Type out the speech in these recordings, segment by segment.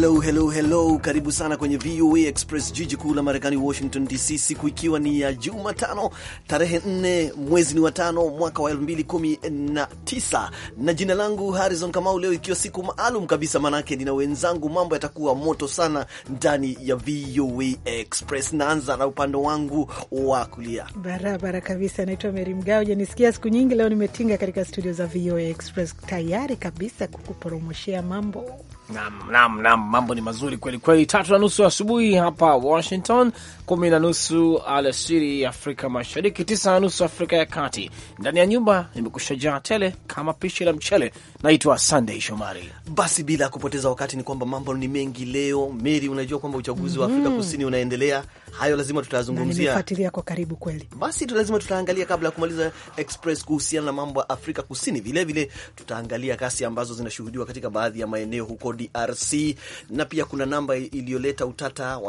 Hello, hello, hello, karibu sana kwenye VOA Express, jiji kuu la Marekani, Washington DC, siku ikiwa ni ya Jumatano tarehe nne mwezi ni wa tano mwaka wa elfu mbili kumi na tisa na jina langu Harrison Kamau. Leo ikiwa siku maalum kabisa, manake nina wenzangu, mambo yatakuwa moto sana ndani ya VOA Express. Naanza na upande wangu wa kulia barabara kabisa, naitwa Meri Mgao. Janisikia siku nyingi, leo nimetinga katika studio za VOA Express tayari kabisa kukuporomoshea mambo Nam, nam nam, mambo ni mazuri kweli kweli. Tatu na nusu asubuhi hapa Washington, kumi na nusu alasiri Afrika Mashariki, tisa na nusu Afrika ya Kati. Ndani ya nyumba jaa tele kama pishi la mchele. Naitwa Sunday Shomari. Basi bila kupoteza wakati, ni kwamba mambo ni mengi leo. Meri, unajua kwamba uchaguzi wa Afrika mm -hmm. kusini unaendelea, hayo lazima tutayazungumzia, kwa karibu kweli. Basi lazima tutaangalia kabla ya kumaliza express kuhusiana na mambo ya Afrika Kusini. Vilevile vile, tutaangalia kasi ambazo zinashuhudiwa katika baadhi ya maeneo huko DRC, na pia kuna namba iliyoleta utata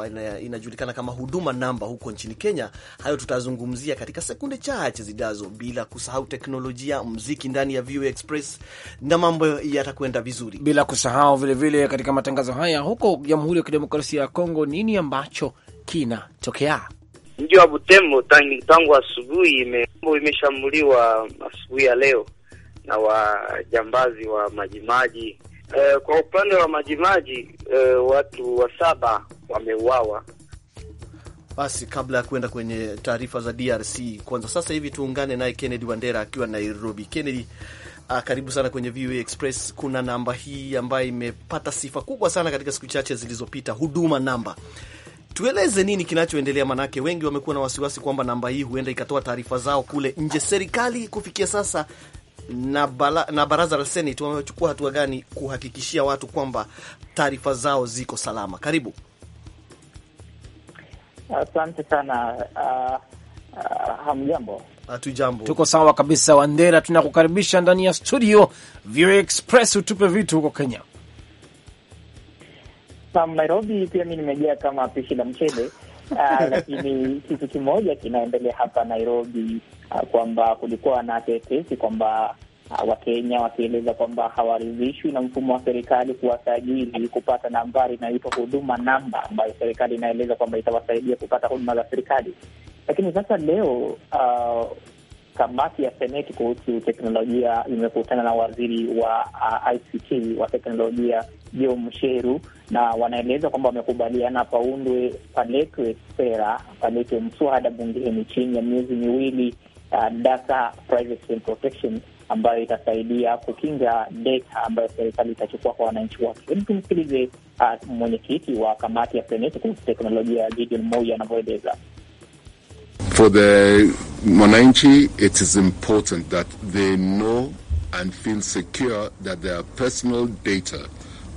inajulikana kama huduma kama namba huko nchini Kenya. Hayo tutazungumzia katika sekunde chache zijazo, bila kusahau teknolojia, mziki ndani ya VOA Express na mambo yatakwenda vizuri, bila kusahau vilevile vile katika matangazo haya huko Jamhuri ya Kidemokrasia ya Kongo, nini ambacho kinatokea? Mji wa Butembo tangu asubuhi ime, imeshambuliwa asubuhi ya leo na wajambazi wa majimaji. E, kwa upande wa majimaji e, watu wa saba wameuawa basi kabla ya kuenda kwenye taarifa za DRC kwanza, sasa hivi tuungane naye Kennedy Wandera akiwa Nairobi. Kennedy, ah, karibu sana kwenye VOA Express. Kuna namba hii ambayo imepata sifa kubwa sana katika siku chache zilizopita, huduma namba. Tueleze nini kinachoendelea, manake wengi wamekuwa na wasiwasi kwamba namba hii huenda ikatoa taarifa zao kule nje. Serikali kufikia sasa na, bala, na baraza la Seneti wamechukua hatua gani kuhakikishia watu kwamba taarifa zao ziko salama? Karibu. Asante sana. Uh, uh, hamjambo? Hatujambo, tuko sawa kabisa. Wandera, tunakukaribisha ndani ya studio VOA Express, utupe vitu huko Kenya nam Nairobi. Pia mi nimejaa kama pishi la mchele. Uh, lakini kitu kimoja kinaendelea hapa Nairobi, uh, kwamba kulikuwa na tetesi kwamba Uh, Wakenya wakieleza kwamba hawaridhishwi na mfumo wa serikali kuwasajili kupata nambari inayoitwa huduma namba, ambayo serikali inaeleza kwamba itawasaidia kupata huduma za serikali. Lakini sasa leo uh, kamati ya seneti kuhusu teknolojia imekutana na waziri wa uh, ICT wa teknolojia Jo Msheru, na wanaeleza kwamba wamekubaliana paundwe paletwe sera paletwe mswada bungeni chini ya miezi miwili, uh, data privacy and protection ambayo itasaidia kukinga deta ambayo serikali itachukua kwa wananchi wake. Hebu tumsikilize uh, mwenyekiti wa kamati ya seneti kuhusu teknolojia Gideon Moi anavyoeleza. For the mwananchi it is important that they know and feel secure that their personal data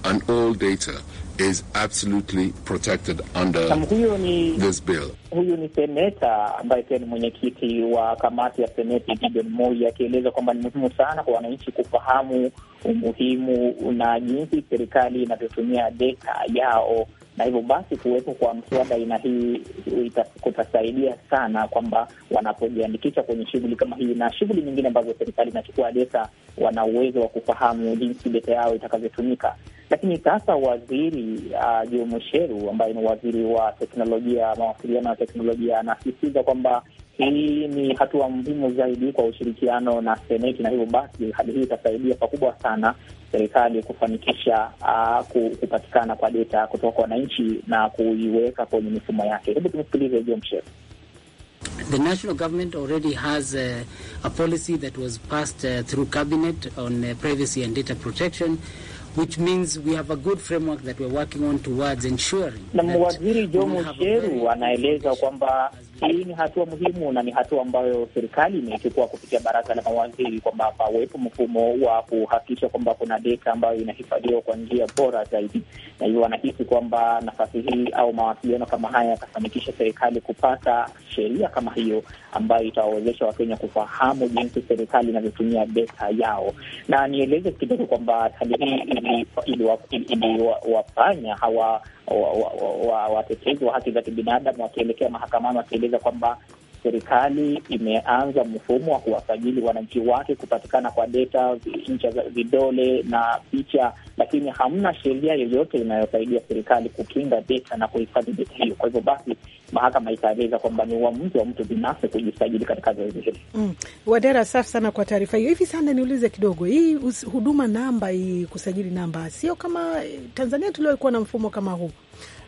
and all data is absolutely protected under huyu ni, this bill. Huyu ni seneta ambaye pia ni mwenyekiti wa kamati ya seneti Gideon Moi akieleza kwamba ni muhimu sana kwa wananchi kufahamu umuhimu na jinsi serikali inavyotumia data yao na hivyo basi kuwepo kwa mswada aina hii kutasaidia sana kwamba wanapojiandikisha kwenye shughuli kama hii na shughuli nyingine ambazo serikali inachukua leta, wana uwezo wa kufahamu jinsi beta yao itakavyotumika. Lakini sasa waziri uh, ah, Jo ambaye ni waziri wa teknolojia, mawasiliano ya teknolojia, anasisitiza kwamba hii ni hatua muhimu zaidi kwa ushirikiano na Seneti, na hivyo basi hali hii itasaidia pakubwa sana serikali kufanikisha uh, kupatikana kwa data kutoka kwa wananchi na kuiweka kwenye mifumo yake. Hebu tumsikilize John Shep. The national government already has a, a policy that was passed uh, through cabinet on uh, privacy and data protection which means we have a good framework that we're working on towards ensuring. Na Waziri Jomo Cheru anaeleza kwamba hii ni hatua muhimu na ni hatua ambayo serikali imechukua kupitia baraza la mawaziri kwamba pawepo mfumo wa kuhakikisha kwamba kuna data ambayo inahifadhiwa kwa njia bora zaidi, na hivyo wanahisi kwamba nafasi hii au mawasiliano kama haya yatafanikisha serikali kupata sheria kama hiyo ambayo itawawezesha Wakenya kufahamu jinsi serikali inavyotumia data yao. Na nieleze kidogo kwamba hali hii iliwafanya hawa watetezi wa, wa, wa, wa haki za kibinadamu wakielekea mahakamani wakieleza kwamba serikali imeanza mfumo wa kuwasajili wananchi wake kupatikana kwa data, ncha za vidole na picha, lakini hamna sheria yoyote inayosaidia serikali kukinga data na kuhifadhi data hiyo. Kwa hivyo basi, mahakama itaeleza kwamba ni uamuzi wa mtu binafsi kujisajili katika zoezi hili. Mm. Wadera, safi sana kwa taarifa hiyo. Hivi sasa niulize kidogo, hii huduma namba hii, kusajili namba, sio kama eh, Tanzania tuliokuwa na mfumo kama huu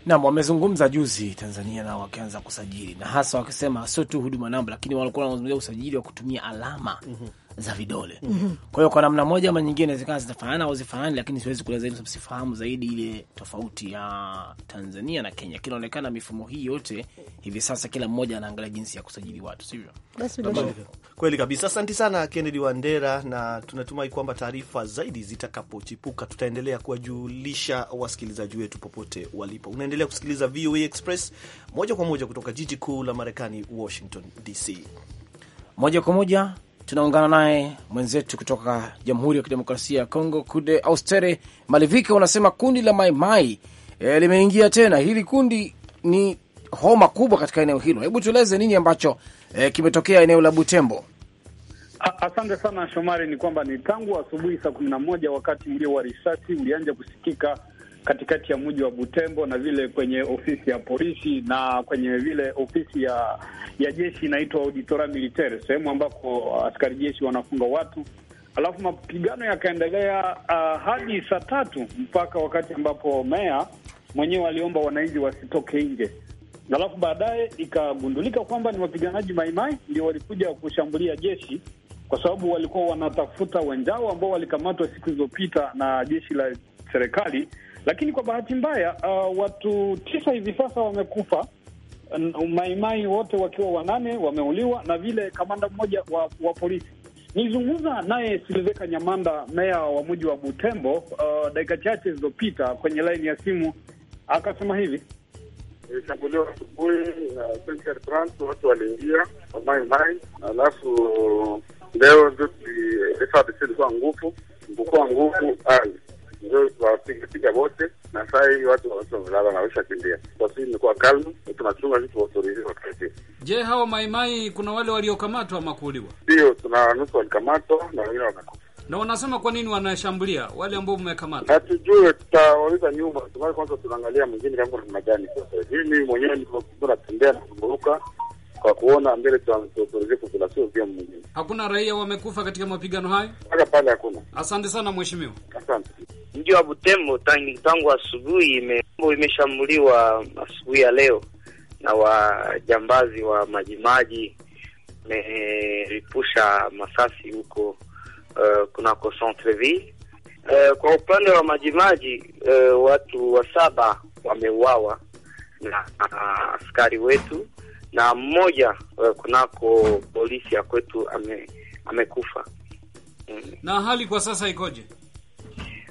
Naam, wamezungumza juzi Tanzania nao wakianza kusajili na hasa wakisema sio tu huduma namba, lakini walikuwa wanazungumzia usajili wa kutumia alama mm -hmm za vidole mhm. Kwa hiyo kwa namna moja ama nyingine zikawa zitafanana au zifanani, lakini siwezi kueleza zaidi, sifahamu zaidi ile tofauti ya Tanzania na Kenya. Kinaonekana mifumo hii yote hivi sasa, kila mmoja anaangalia jinsi ya kusajili watu, sivyo? Kweli kabisa. asanti sana Kennedy Wandera, na tunatumai kwamba taarifa zaidi zitakapochipuka tutaendelea kuwajulisha wasikilizaji wetu popote walipo. Unaendelea kusikiliza VOA Express moja kwa moja kutoka jiji kuu la Marekani, Washington DC, moja kwa moja tunaungana naye mwenzetu kutoka Jamhuri ya Kidemokrasia ya Kongo, Kude Austere Malivika. Unasema kundi la Maimai e, limeingia tena. Hili kundi ni homa kubwa katika eneo hilo. Hebu tueleze nini ambacho e, kimetokea eneo la Butembo. Asante sana Shomari, ni kwamba ni tangu asubuhi saa kumi na moja wakati mlio wa risasi ulianja kusikika katikati ya mji wa Butembo na vile kwenye ofisi ya polisi na kwenye vile ofisi ya ya jeshi inaitwa Auditora Militaire, sehemu ambako uh, askari jeshi wanafunga watu. Alafu mapigano yakaendelea uh, hadi saa tatu mpaka wakati ambapo meya mwenyewe aliomba wananchi wasitoke nje. Alafu baadaye ikagundulika kwamba ni wapiganaji maimai ndio walikuja kushambulia jeshi kwa sababu walikuwa wanatafuta wenzao ambao walikamatwa siku zilizopita na jeshi la serikali lakini kwa bahati mbaya uh, watu tisa hivi sasa wamekufa, maimai wote wakiwa wanane wameuliwa, na vile kamanda mmoja wa, wa polisi. Nizungumza naye Silveka Nyamanda, meya wa mji wa Butembo, uh, dakika chache zilizopita kwenye laini ya simu, akasema hivi Ilishambuliwa asubuhi na watu waliingia wamaimai, alafu leo FARDC ilikuwa nguvu nguvu ndio wote, na saa hii watu kimbia kwa imekuwa kalmu, tunachunga vitu Je, hawa maimai kuna wale waliokamatwa ama kuuliwa? Ndio, tuna nusu walikamatwa na wengine wamekufa na wanasema kwa nini wanashambulia wale ambao mmekamata? Hatujue, tutawauliza nyumba. Kwanza tunaangalia mwingine kama kuna Sasa mimi mwenyewe niko natembea nazunguruka kwa kuona mbele tuanze population pia mwingine. Hakuna raia wamekufa katika mapigano hayo mpaka pale, hakuna. Asante sana mheshimiwa, asante. Mji wa Butembo tangu, tangu asubuhi imembo imeshambuliwa asubuhi ya leo na wajambazi wa majimaji wameripusha masasi huko uh, kunako centreville uh, kwa upande wa majimaji uh, watu wa saba wameuawa na uh, askari wetu na mmoja eh, kunako polisi ya kwetu ame, amekufa mm. Na hali kwa sasa ikoje?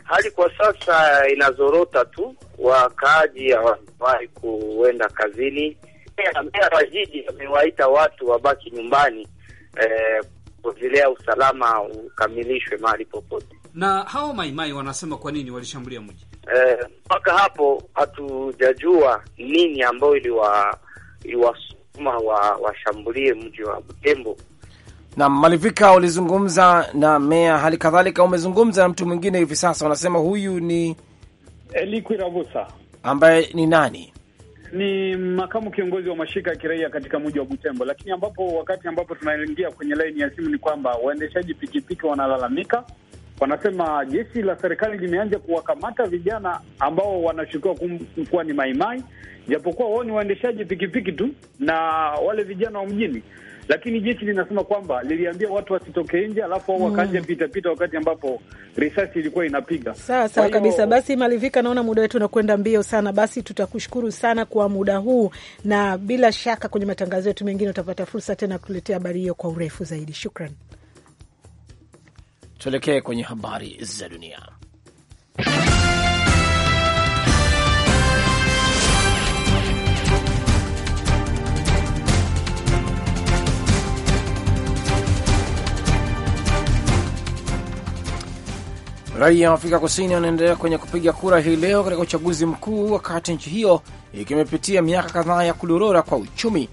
Hali kwa sasa inazorota tu, wakaaji hawawahi kuenda kazini. Meya wa jiji amewaita watu wabaki nyumbani eh, kuzilea usalama ukamilishwe mahali popote. Na hao maimai wanasema kwa nini walishambulia mji eh, mpaka eh, hapo hatujajua nini ambayo iliwa, iliwa ma washambulie wa mji wa Butembo. Na Malivika, ulizungumza na meya, hali kadhalika umezungumza na mtu mwingine hivi sasa, wanasema huyu ni Elikwi Ravusa ambaye ni nani? Ni makamu kiongozi wa mashirika ya kiraia katika mji wa Butembo. Lakini ambapo wakati ambapo tunaingia kwenye laini ya simu ni kwamba waendeshaji pikipiki wanalalamika wanasema jeshi la serikali limeanza kuwakamata vijana ambao wanashukiwa kuwa ni maimai, japokuwa wao ni waendeshaji pikipiki tu na wale vijana wa mjini, lakini jeshi linasema kwamba liliambia watu wasitoke nje, alafu wao wakaja mm, pitapita wakati ambapo risasi ilikuwa inapiga. Sawa sawa kabisa. Basi Malivika, naona muda wetu unakwenda mbio sana, basi tutakushukuru sana kwa muda huu, na bila shaka kwenye matangazo yetu mengine utapata fursa tena kutuletea habari hiyo kwa urefu zaidi. Shukran. Tuelekee kwenye habari za dunia. Raia wa Afrika Kusini wanaendelea kwenye kupiga kura hii leo katika uchaguzi mkuu, wakati nchi hiyo ikimepitia miaka kadhaa ya kudorora kwa uchumi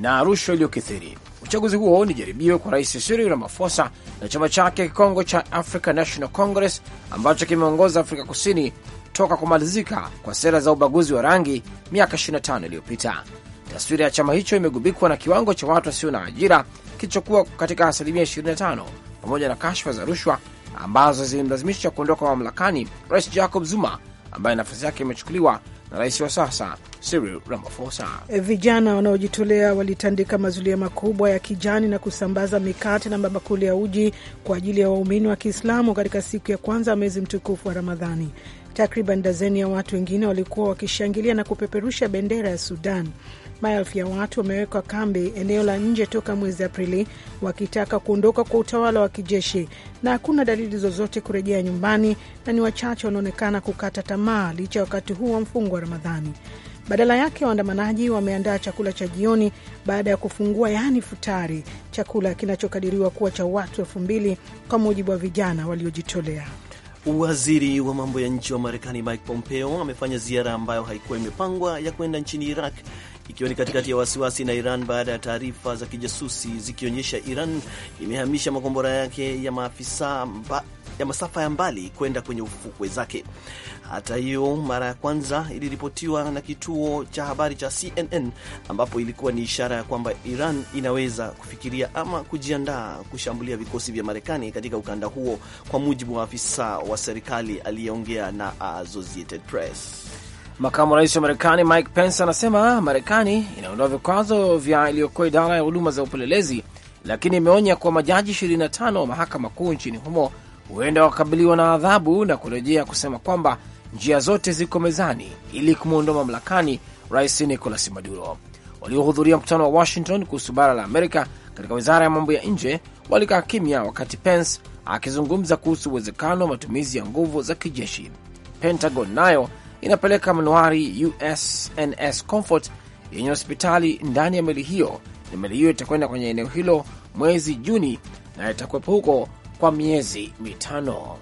na rushwa iliyokithiri. Uchaguzi huo ni jaribio kwa Rais Cyril Ramaphosa na chama chake kikongo cha africa National Congress ambacho kimeongoza Afrika Kusini toka kumalizika kwa sera za ubaguzi wa rangi miaka 25 iliyopita. Taswira ya chama hicho imegubikwa na kiwango cha watu wasio na ajira kilichokuwa katika asilimia 25 pamoja na kashfa za rushwa ambazo zilimlazimisha kuondoka mamlakani Rais Jacob Zuma ambaye nafasi yake imechukuliwa na rais wa sasa Cyril Ramaphosa. Eh, vijana wanaojitolea walitandika mazulia makubwa ya kijani na kusambaza mikate na mabakuli ya uji kwa ajili ya waumini wa Kiislamu katika siku ya kwanza ya mwezi mtukufu wa Ramadhani. Takriban dazeni ya watu wengine walikuwa wakishangilia na kupeperusha bendera ya Sudan maelfu ya watu wamewekwa kambi eneo la nje toka mwezi Aprili wakitaka kuondoka kwa utawala wa kijeshi, na hakuna dalili zozote kurejea nyumbani, na ni wachache wanaonekana kukata tamaa licha ya wakati huu wa mfungo wa Ramadhani. Badala yake waandamanaji wameandaa chakula cha jioni baada ya kufungua, yaani futari, chakula kinachokadiriwa kuwa cha watu elfu mbili kwa mujibu wa vijana waliojitolea. Waziri wa mambo ya nchi wa Marekani Mike Pompeo amefanya ziara ambayo haikuwa imepangwa ya kwenda nchini Iraq ikiwa ni katikati ya wasiwasi na Iran baada ya taarifa za kijasusi zikionyesha Iran imehamisha makombora yake ya maafisa mba, ya masafa ya mbali kwenda kwenye ufukwe zake. Hata hiyo mara ya kwanza iliripotiwa na kituo cha habari cha CNN, ambapo ilikuwa ni ishara ya kwamba Iran inaweza kufikiria ama kujiandaa kushambulia vikosi vya Marekani katika ukanda huo, kwa mujibu wa afisa wa serikali aliyeongea na Associated Press. Makamu wa rais wa Marekani Mike Pence anasema Marekani inaondoa vikwazo vya iliyokuwa idara ya huduma za upelelezi, lakini imeonya kuwa majaji 25 wa mahakama kuu nchini humo huenda wakakabiliwa na adhabu na kurejea kusema kwamba njia zote ziko mezani ili kumwondoa mamlakani rais Nicolas Maduro. Waliohudhuria mkutano wa Washington kuhusu bara la Amerika katika wizara ya mambo ya nje walikaa kimya wakati Pence akizungumza kuhusu uwezekano wa matumizi ya nguvu za kijeshi. Pentagon nayo inapeleka manuari USNS Comfort yenye hospitali ndani ya meli hiyo, na meli hiyo itakwenda kwenye eneo hilo mwezi Juni na itakuwepo huko kwa miezi mitano.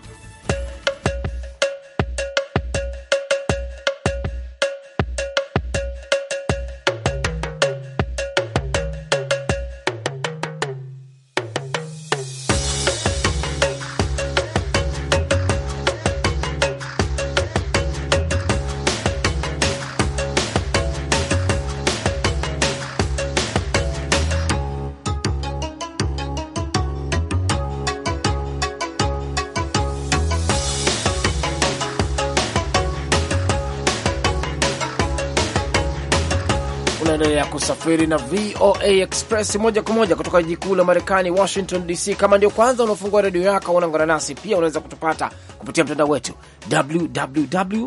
unasafiri na VOA Express moja kwa moja kutoka jiji kuu la Marekani, Washington DC. Kama ndio kwanza unaofungua redio yako, unaungana nasi pia. Unaweza kutupata kupitia mtandao wetu www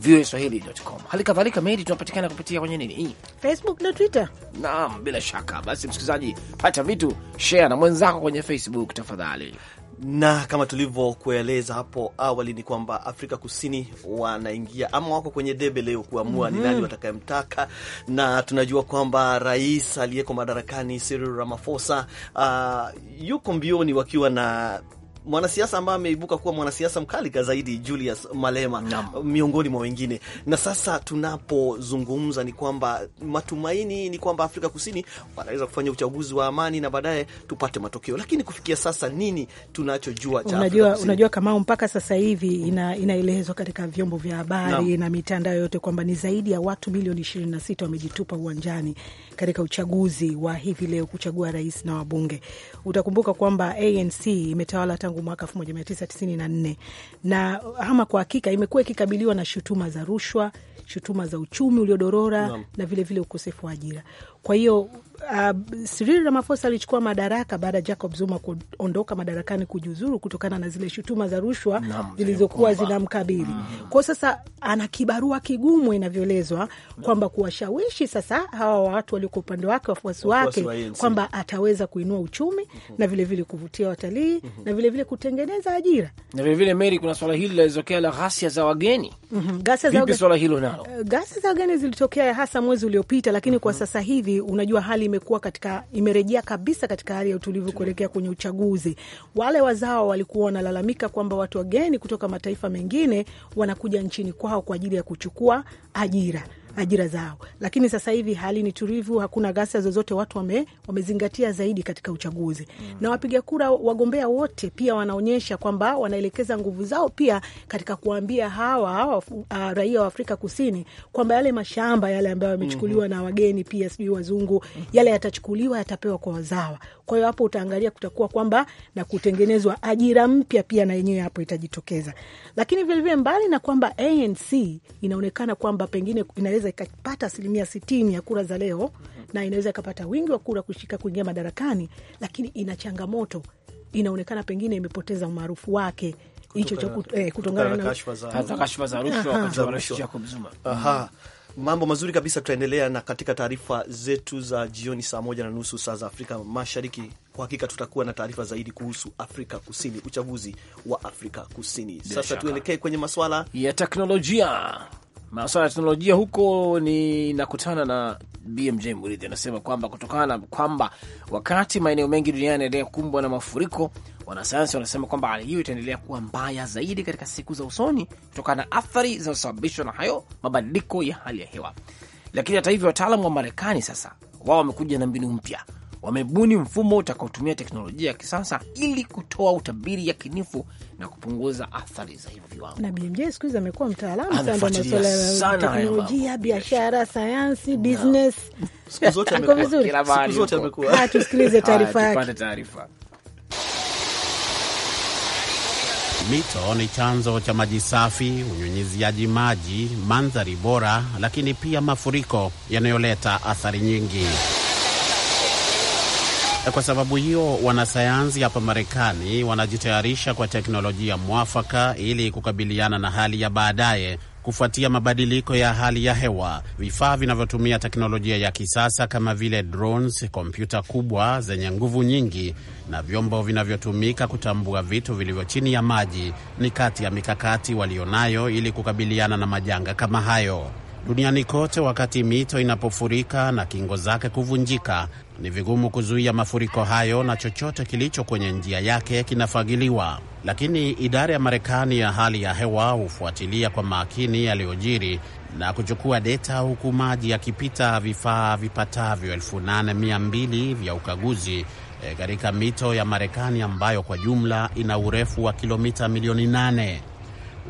voa swahili.com. Hali kadhalika Meri, tunapatikana kupitia kwenye nini, Facebook na Twitter. Naam, bila shaka. Basi msikilizaji, pata vitu share na mwenzako kwenye Facebook tafadhali na kama tulivyokueleza hapo awali ni kwamba Afrika Kusini wanaingia ama wako kwenye debe leo kuamua mm -hmm. ni nani mhm. watakayemtaka, na tunajua kwamba rais aliyeko madarakani Cyril Ramaphosa uh, yuko mbioni wakiwa na mwanasiasa ambaye ameibuka kuwa mwanasiasa mkalika zaidi Julius Malema Nyam. miongoni mwa wengine. Na sasa tunapozungumza ni kwamba matumaini ni kwamba Afrika Kusini wanaweza kufanya uchaguzi wa amani na baadaye tupate matokeo, lakini kufikia sasa nini tunachojua cha unajua, unajua kama mpaka sasa hivi ina, inaelezwa katika vyombo vya habari na mitandao yote kwamba ni zaidi ya watu milioni 26 wamejitupa uwanjani katika uchaguzi wa hivi leo kuchagua rais na wabunge. Utakumbuka kwamba ANC imetawala tangu mwaka 1994 na ama kwa hakika imekuwa ikikabiliwa na shutuma za rushwa, shutuma za uchumi uliodorora na vilevile vile ukosefu wa ajira. Kwa hiyo Uh, Ramaphosa alichukua madaraka baada ya Jacob Zuma kuondoka madarakani kujiuzuru kutokana na zile shutuma za rushwa zilizokuwa zinamkabili. Mm. Kwa sasa ana kibarua kigumu inavyoelezwa kwamba kuwashawishi sasa hawa watu walioko upande wake, wafuasi wake kwamba ataweza kuinua uchumi mm -hmm. na vilevile vile kuvutia watalii mm -hmm. na vilevile vile kutengeneza ajira. Na vilevile Mary, kuna swala hili lilizokea la ghasia za wageni. Mm -hmm. Ghasia za wageni. Swala hilo nalo. Ghasia za wageni zilitokea hasa mwezi uliopita, lakini mm -hmm. kwa mm-hmm. sasa hivi hivi, unajua hali imekuwa katika, imerejea kabisa katika hali ya utulivu kuelekea kwenye uchaguzi. Wale wazao walikuwa wanalalamika kwamba watu wageni kutoka mataifa mengine wanakuja nchini kwao kwa ajili ya kuchukua ajira ajira zao, lakini sasa hivi hali ni tulivu, hakuna ghasia zozote, watu wame, wamezingatia zaidi katika uchaguzi mm. na wapiga kura, wagombea wote pia wanaonyesha kwamba wanaelekeza nguvu zao pia katika kuambia hawa, hawa uh, raia wa Afrika Kusini kwamba yale mashamba yale ambayo yamechukuliwa mm -hmm. na wageni pia sijui wazungu mm -hmm. yale yatachukuliwa yatapewa kwa wazawa. Kwa hiyo hapo utaangalia kutakuwa kwamba na kutengenezwa ajira mpya pia na yenyewe hapo itajitokeza, lakini vilevile mbali na kwamba ANC inaonekana kwamba pengine inaweza inaweza ikapata asilimia sitini ya kura za leo mhm. na inaweza ikapata wingi wa kura kushika kuingia madarakani, lakini ina changamoto, inaonekana pengine imepoteza umaarufu wake hicho cha eh, na kashfa za rushwa. Mambo mazuri kabisa, tutaendelea na katika taarifa zetu za jioni saa moja na nusu saa za Afrika Mashariki. Kwa hakika tutakuwa na taarifa zaidi kuhusu Afrika Kusini, uchaguzi wa Afrika Kusini. Sasa tuelekee kwenye maswala ya teknolojia maswala ya teknolojia huko, nakutana na BMJ Muridhi anasema kwamba kutokana na kwamba wakati maeneo mengi duniani yanaendelea kukumbwa na mafuriko, wanasayansi wanasema kwamba hali hiyo itaendelea kuwa mbaya zaidi katika siku za usoni kutokana na athari zinazosababishwa na hayo mabadiliko ya hali ya hewa. Lakini hata hivyo, wataalamu wa Marekani sasa wao wamekuja na mbinu mpya wamebuni mfumo utakaotumia teknolojia ya kisasa ili kutoa utabiri yakinifu na kupunguza athari za hivyo viwango. Na BMJ siku hizi amekuwa mtaalamu sana masuala ya teknolojia, biashara, sayansi, business. Siku zote amekuwa. Ah, tusikilize taarifa yake. Mito ni chanzo cha maji safi, unyunyiziaji maji, mandhari bora, lakini pia mafuriko yanayoleta athari nyingi. Eh, kwa sababu hiyo, wanasayansi hapa Marekani wanajitayarisha kwa teknolojia mwafaka ili kukabiliana na hali ya baadaye kufuatia mabadiliko ya hali ya hewa. Vifaa vinavyotumia teknolojia ya kisasa kama vile drones, kompyuta kubwa zenye nguvu nyingi na vyombo vinavyotumika kutambua vitu vilivyo chini ya maji ni kati ya mikakati walionayo ili kukabiliana na majanga kama hayo duniani kote. Wakati mito inapofurika na kingo zake kuvunjika, ni vigumu kuzuia mafuriko hayo na chochote kilicho kwenye njia yake kinafagiliwa. Lakini idara ya Marekani ya hali ya hewa hufuatilia kwa makini yaliyojiri na kuchukua deta, huku maji yakipita vifaa vipatavyo 8200 vya ukaguzi eh, katika mito ya Marekani ambayo kwa jumla ina urefu wa kilomita milioni 8.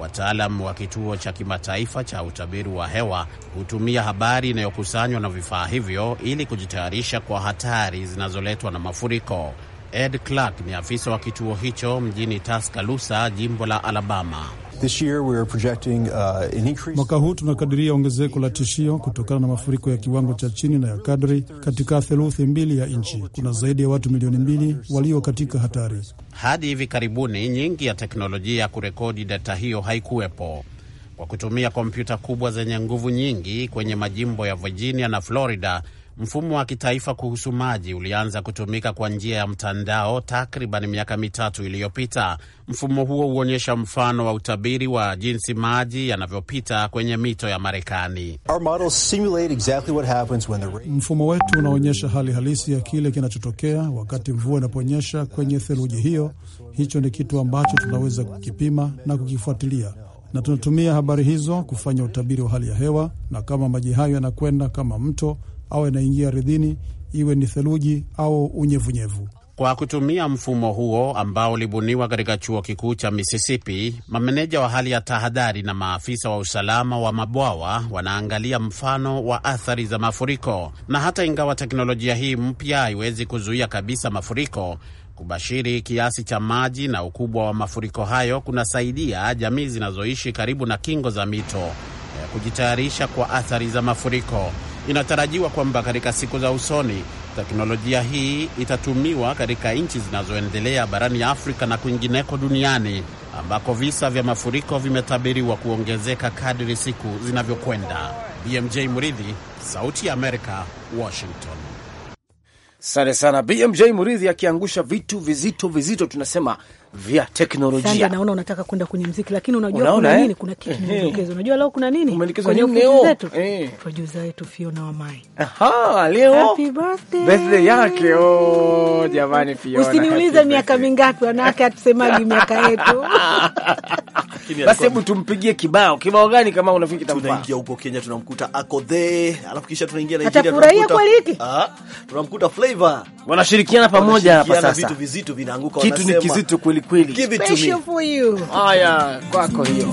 Wataalam wa kituo cha kimataifa cha utabiri wa hewa hutumia habari inayokusanywa na vifaa hivyo ili kujitayarisha kwa hatari zinazoletwa na mafuriko. Ed Clark ni afisa wa kituo hicho mjini Tuscaloosa, jimbo la Alabama. This year we are projecting, uh, an increase... Mwaka huu tunakadiria ongezeko la tishio kutokana na mafuriko ya kiwango cha chini na ya kadri katika theluthi mbili ya nchi. Kuna zaidi ya watu milioni mbili walio katika hatari hadi hivi karibuni nyingi ya teknolojia ya kurekodi data hiyo haikuwepo. Kwa kutumia kompyuta kubwa zenye nguvu nyingi kwenye majimbo ya Virginia na Florida Mfumo wa kitaifa kuhusu maji ulianza kutumika kwa njia ya mtandao takriban miaka mitatu iliyopita. Mfumo huo huonyesha mfano wa utabiri wa jinsi maji yanavyopita kwenye mito ya Marekani. Exactly the... mfumo wetu unaonyesha hali halisi ya kile kinachotokea wakati mvua inaponyesha kwenye theluji hiyo. Hicho ni kitu ambacho tunaweza kukipima na kukifuatilia na tunatumia habari hizo kufanya utabiri wa hali ya hewa, na kama maji hayo yanakwenda kama mto au yanaingia ardhini, iwe ni theluji au unyevunyevu. Kwa kutumia mfumo huo ambao ulibuniwa katika chuo kikuu cha Mississippi, mameneja wa hali ya tahadhari na maafisa wa usalama wa mabwawa wanaangalia mfano wa athari za mafuriko. Na hata ingawa teknolojia hii mpya haiwezi kuzuia kabisa mafuriko, kubashiri kiasi cha maji na ukubwa wa mafuriko hayo kunasaidia jamii zinazoishi karibu na kingo za mito eh, kujitayarisha kwa athari za mafuriko. Inatarajiwa kwamba katika siku za usoni teknolojia hii itatumiwa katika nchi zinazoendelea barani Afrika na kwingineko duniani ambako visa vya mafuriko vimetabiriwa kuongezeka kadri siku zinavyokwenda. BMJ Muridhi, Sauti ya Amerika, Washington. Asante sana BMJ mridhi akiangusha vitu vizito vizito, tunasema vya teknolojia. Naona unataka kwenda kwenye mziki, lakini unajua Unaona, kuna eh? nini kuna kitu nimeelekezwa. Unajua leo kuna nini kwenye ofisi zetu eh. Producer wetu Fiona wa Aha, leo happy birthday. Birthday yake oh, jamani Fiona. Usiniulize miaka mingapi, wanawake hatusemaji miaka yetu. Basi hebu tumpigie kibao. Kibao gani kama unafikiri tampa? Tunaingia huko Kenya tunamkuta Akodhe, alafu kisha tunaingia Nigeria tunamkuta. Ah, tunamkuta Flavor. Wanashirikiana pamoja hapa sasa. Vitu vizito vinaanguka wanasema. Kitu ni kizito kweli kweli kweli. Give it to me. Special for you. Haya, kwako hiyo.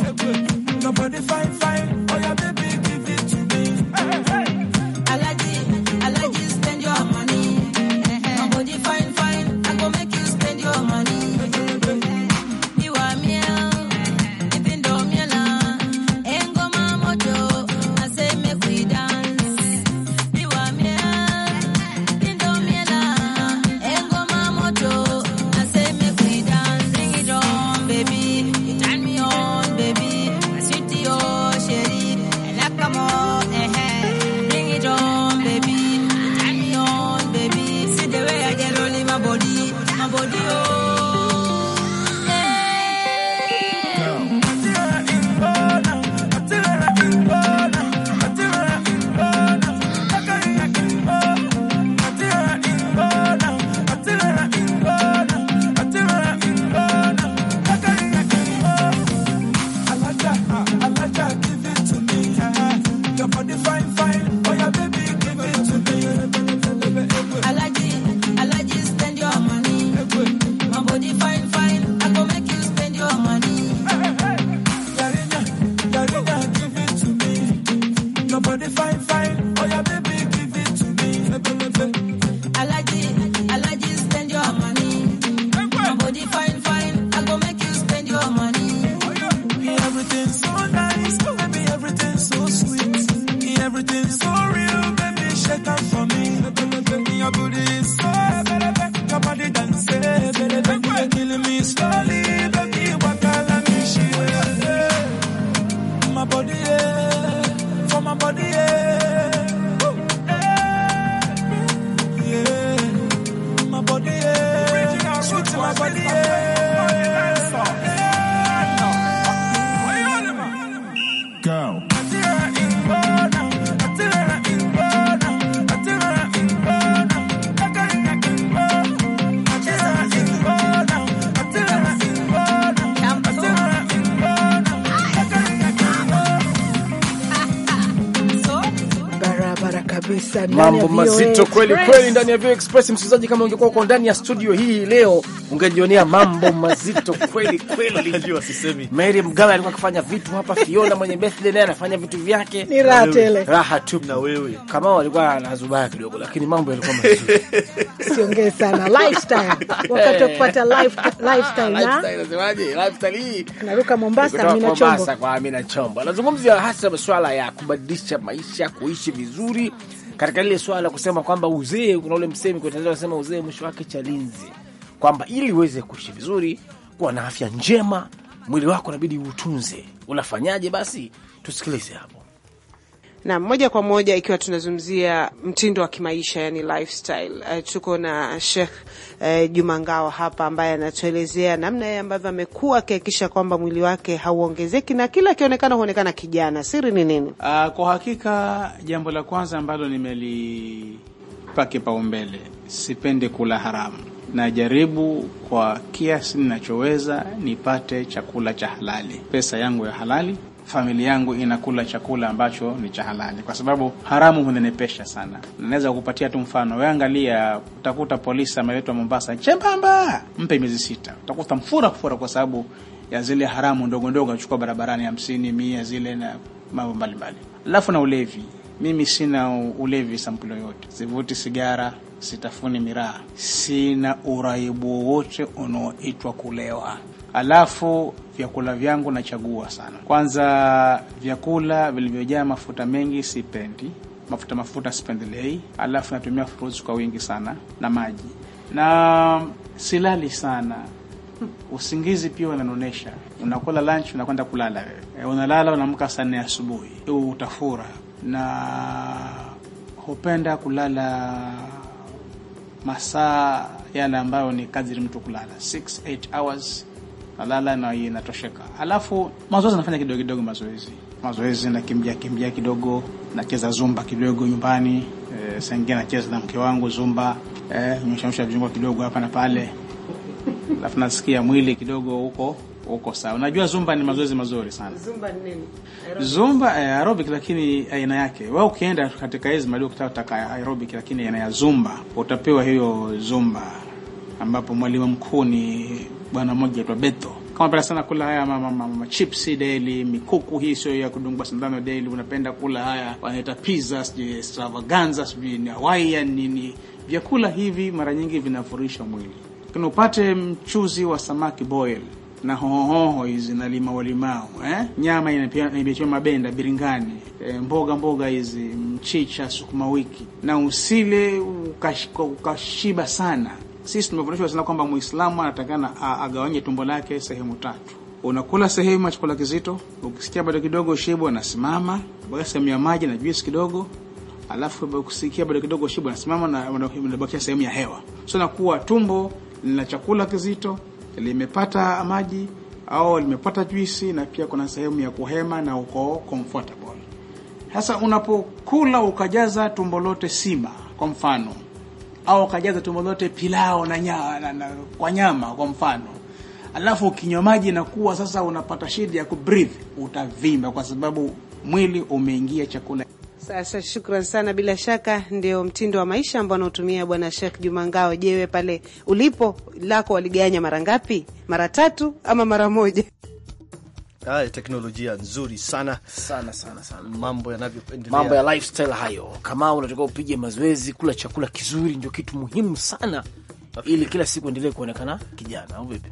kabisa, mambo mazito kweli kweli ndani ya Vio Express. Msikilizaji, kama ungekuwa uko ndani ya studio hii leo ungejionea mambo mazito kweli kweli. Mary Mgawe alikuwa akifanya vitu hapa, Fiona mwenye birthday naye anafanya vitu vyake, ni raha tele, raha tu. Na wewe kama alikuwa anazubaya kidogo, lakini mambo yalikuwa mazuri. Siongee sana lifestyle, wakati wa kupata life lifestyle na nasemaje, lifestyle hii naruka Mombasa, mimi na chombo kwa mimi na chombo, anazungumzia hasa masuala ya kubadilisha maisha, kuishi vizuri katika lile swala la kusema kwamba uzee, kuna ule msemi kwa Tanzania unasema uzee mwisho wake chalinzi kwamba ili uweze kuishi vizuri, kuwa na afya njema, mwili wako inabidi utunze. Unafanyaje? Basi tusikilize hapo na moja kwa moja, ikiwa tunazungumzia mtindo wa kimaisha yani lifestyle. Uh, tuko na Sheikh uh, Juma Ngao hapa ambaye anatuelezea namna yeye ambavyo amekuwa akihakikisha kwamba mwili wake hauongezeki na kila akionekana huonekana kijana. Siri ni nini? Uh, kwa hakika jambo la kwanza ambalo nimelipa kipaumbele, sipende kula haramu najaribu kwa kiasi ninachoweza nipate chakula cha halali, pesa yangu ya halali familia yangu inakula chakula ambacho ni cha halali, kwa sababu haramu hunenepesha sana. Naweza kukupatia tu mfano, we angalia, utakuta polisi ameletwa Mombasa chembamba, mpe miezi sita, utakuta mfura kufura, kwa sababu ya zile haramu ndogo ndogo achukua barabarani, hamsini mia zile na mambo mbalimbali, alafu na ulevi mimi sina ulevi sampulo yote, sivuti sigara, sitafuni miraa, sina uraibu wowote unaoitwa kulewa. Alafu vyakula vyangu nachagua sana. Kwanza, vyakula vilivyojaa mafuta mengi sipendi, mafuta mafuta sipendelei. Alafu natumia fruits kwa wingi sana na maji, na silali sana usingizi pia unanonesha. Unakula lunch unakwenda kulala wewe, unalala unaamka saa nne asubuhi, utafura na hupenda kulala masaa yale ambayo ni kadiri mtu kulala 68 hours nalala na inatosheka. Alafu mazoezi nafanya kidogo kidogo, mazoezi mazoezi, nakimbia kimbia kidogo, nacheza zumba kidogo nyumbani. E, eh, saingia nacheza na mke wangu zumba, e, eh, nyoshanyosha viungo kidogo hapa na pale, alafu nasikia mwili kidogo huko uko sawa. Unajua zumba ni mazoezi mazuri sana. Zumba ni nini? Aerobic. Zumba eh, aerobic, lakini aina yake. Wewe ukienda katika hizo mali ukitaka taka aerobic, lakini aina ya zumba utapewa hiyo zumba, ambapo mwalimu mkuu ni bwana mmoja aitwa Beto kama penda sana kula haya mama, mama chips daily, mikuku hii sio ya kudungwa sindano daily. Unapenda kula haya wanaita pizza, sijui extravaganza, sijui ni Hawaiian nini. Vyakula hivi mara nyingi vinafurisha mwili, lakini upate mchuzi wa samaki boil na hohohoho hizi na limau limau eh? Nyama inapiachiwa mabenda biringani, eh, mboga mboga hizi mchicha, sukuma wiki, na usile ukashiba ukash, ukash, sana. Sisi tumefundishwa sana kwamba Muislamu anatakana agawanye tumbo lake sehemu tatu. Unakula sehemu ya chakula kizito, ukisikia bado kidogo shibo, nasimama baka sehemu ya maji na juisi kidogo alafu ukisikia bado kidogo shibu anasimama na unabakia sehemu ya hewa. So nakuwa tumbo lina chakula kizito limepata maji au limepata juisi, na pia kuna sehemu ya kuhema na uko comfortable. Sasa unapokula ukajaza tumbo lote sima kwa mfano, au ukajaza tumbo lote pilao na nyama, na, na, kwa nyama kwa mfano, alafu ukinywa maji na kuwa sasa unapata shida ya kubreathe, utavimba kwa sababu mwili umeingia chakula. Sasa shukran sana, bila shaka ndio mtindo wa maisha ambao anaotumia bwana Sheikh Juma Ngao. pale ulipo lako waligawanya mara ngapi? Mara tatu ama mara moja? Haya, ah, teknolojia nzuri sana sana sana sana, mambo yanavyopendelea, mambo ya lifestyle hayo. Kama unataka upige mazoezi, kula chakula kizuri, ndio kitu muhimu sana, okay, ili kila siku endelee kuonekana kijana, au vipi?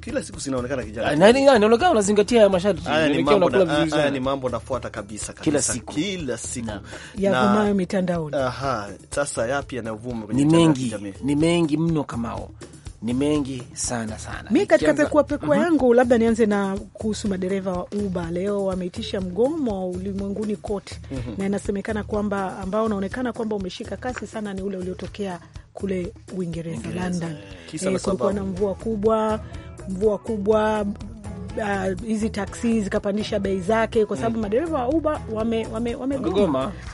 kila siku zinaonekana kijana ah, nani, anaonekana, ah, unazingatia masharti. Haya ni mambo na, haya ni mambo nafuata kabisa kabisa kila siku, kila siku ya yavumayo mitandaoni. Aha, sasa yapi yanavuma kwenye ni mengi, ni mengi mno kamao ni mengi sana sana. Mi katika pekua pekua uh -huh. yangu labda nianze na kuhusu madereva wa Uber. Leo wameitisha mgomo ulimwenguni kote uh mhm. -huh. na inasemekana kwamba ambao unaonekana kwamba umeshika kasi sana ni ule uliotokea kule Uingereza, London. Eh, kulikuwa na mvua kubwa mvua kubwa uh, hizi uh, taksi zikapandisha bei zake kwa sababu mm. madereva wa Uber wamegoma wame,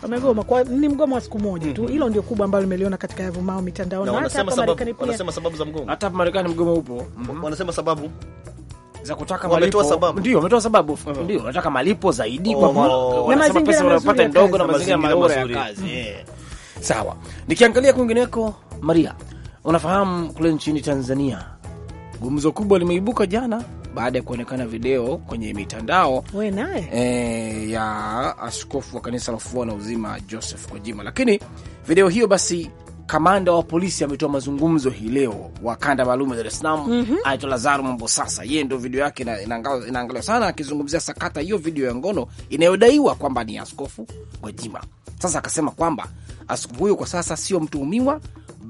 wame wame kwa ni mgomo wa siku moja tu. Mm-hmm. Hilo ndio kubwa ambalo limeliona katika yavumao mitandaoni, hata hapa Marekani pia. Wanasema sababu za mgomo, hata hapa Marekani mgomo upo. Mm-hmm. Wanasema sababu za kutaka malipo, sababu ndio wametoa sababu, uh-huh. ndio wanataka malipo zaidi kwa na mazingira ndogo na mazingira mazuri ya kazi. Mm-hmm. Sawa, nikiangalia kwingineko, Maria, unafahamu kule nchini Tanzania Gumzo kubwa limeibuka jana baada ya kuonekana video kwenye mitandao e, ya askofu wa kanisa la Ufufuo na Uzima Joseph Gwajima. Lakini video hiyo basi, kamanda wa polisi ametoa mazungumzo hii leo wa kanda maalum ya Dar es Salaam mm -hmm. anaitwa Lazaro Sasa yeye ndio video yake inaangaliwa sana, akizungumzia sakata hiyo video ya ngono inayodaiwa kwamba ni askofu Gwajima. Sasa akasema kwamba askofu huyo kwa sasa sio mtuhumiwa,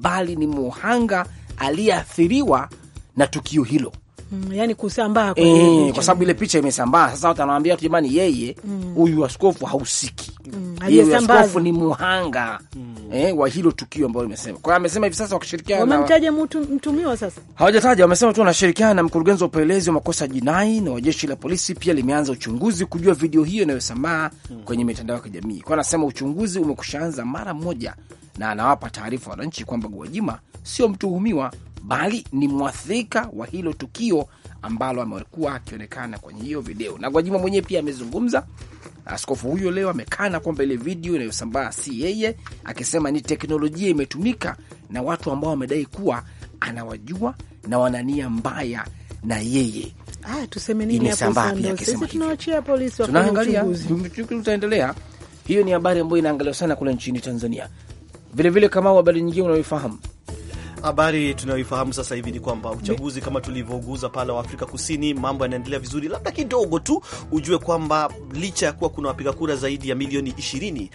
bali ni muhanga aliyeathiriwa na tukio hilo mm, yani kusambaa kwa, e, kwa sababu ile picha imesambaa. Sasa watu watu jamani, yeye mm. huyu mm, askofu hausiki mm, yeye askofu ni muhanga mm, eh, wa hilo tukio ambayo imesema Kwa hiyo amesema hivi sasa wakishirikiana, wamemtaja mtu mtumiwa sasa, hawajataja, wamesema tu wanashirikiana na mkurugenzi wa upelelezi wa makosa jinai na wa jeshi la polisi pia limeanza uchunguzi kujua video hiyo inayosambaa mm, kwenye mitandao ya kijamii. Kwa anasema uchunguzi umekushaanza mara moja na anawapa taarifa wananchi kwamba Gwajima sio mtuhumiwa bali ni mwathirika wa hilo tukio ambalo amekuwa akionekana kwenye hiyo video. Na Gwajima mwenyewe pia amezungumza, askofu huyo leo amekana kwamba ile video inayosambaa si yeye, akisema ni teknolojia imetumika na watu ambao wamedai kuwa anawajua na wanania mbaya na yeye. Ah, tuseme nini hapo sasa? polisi tutaendelea. Hiyo ni habari ambayo inaangaliwa sana kule nchini Tanzania. Vilevile kama habari nyingine unaoifahamu Habari tunayoifahamu sasa hivi ni kwamba uchaguzi kama tulivyouguza pale wa Afrika Kusini, mambo yanaendelea vizuri, labda kidogo tu ujue kwamba licha ya kuwa kuna wapiga kura zaidi ya milioni 20,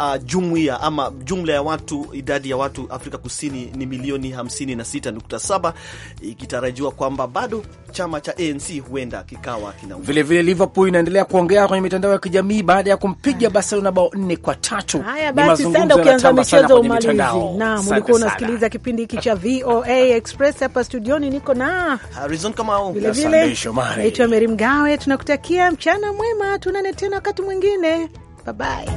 uh, jumuia ama jumla ya watu, idadi ya watu Afrika Kusini ni milioni 56.7, ikitarajiwa kwamba bado chama cha ANC huenda kikawa kina vilevile. Liverpool inaendelea kuongea kwenye mitandao ya kijamii baada ya kumpiga Barcelona bao nne kwa tatu. Haya basi, sasa ukianza michezo umalizi. Naam, ulikuwa unasikiliza kipindi hiki cha cha VOA Express hapa studioni, niko na Horizon Kamau, vilevile naitwa Meri Mgawe. Tunakutakia mchana mwema, tunane tena wakati mwingine, bye bye.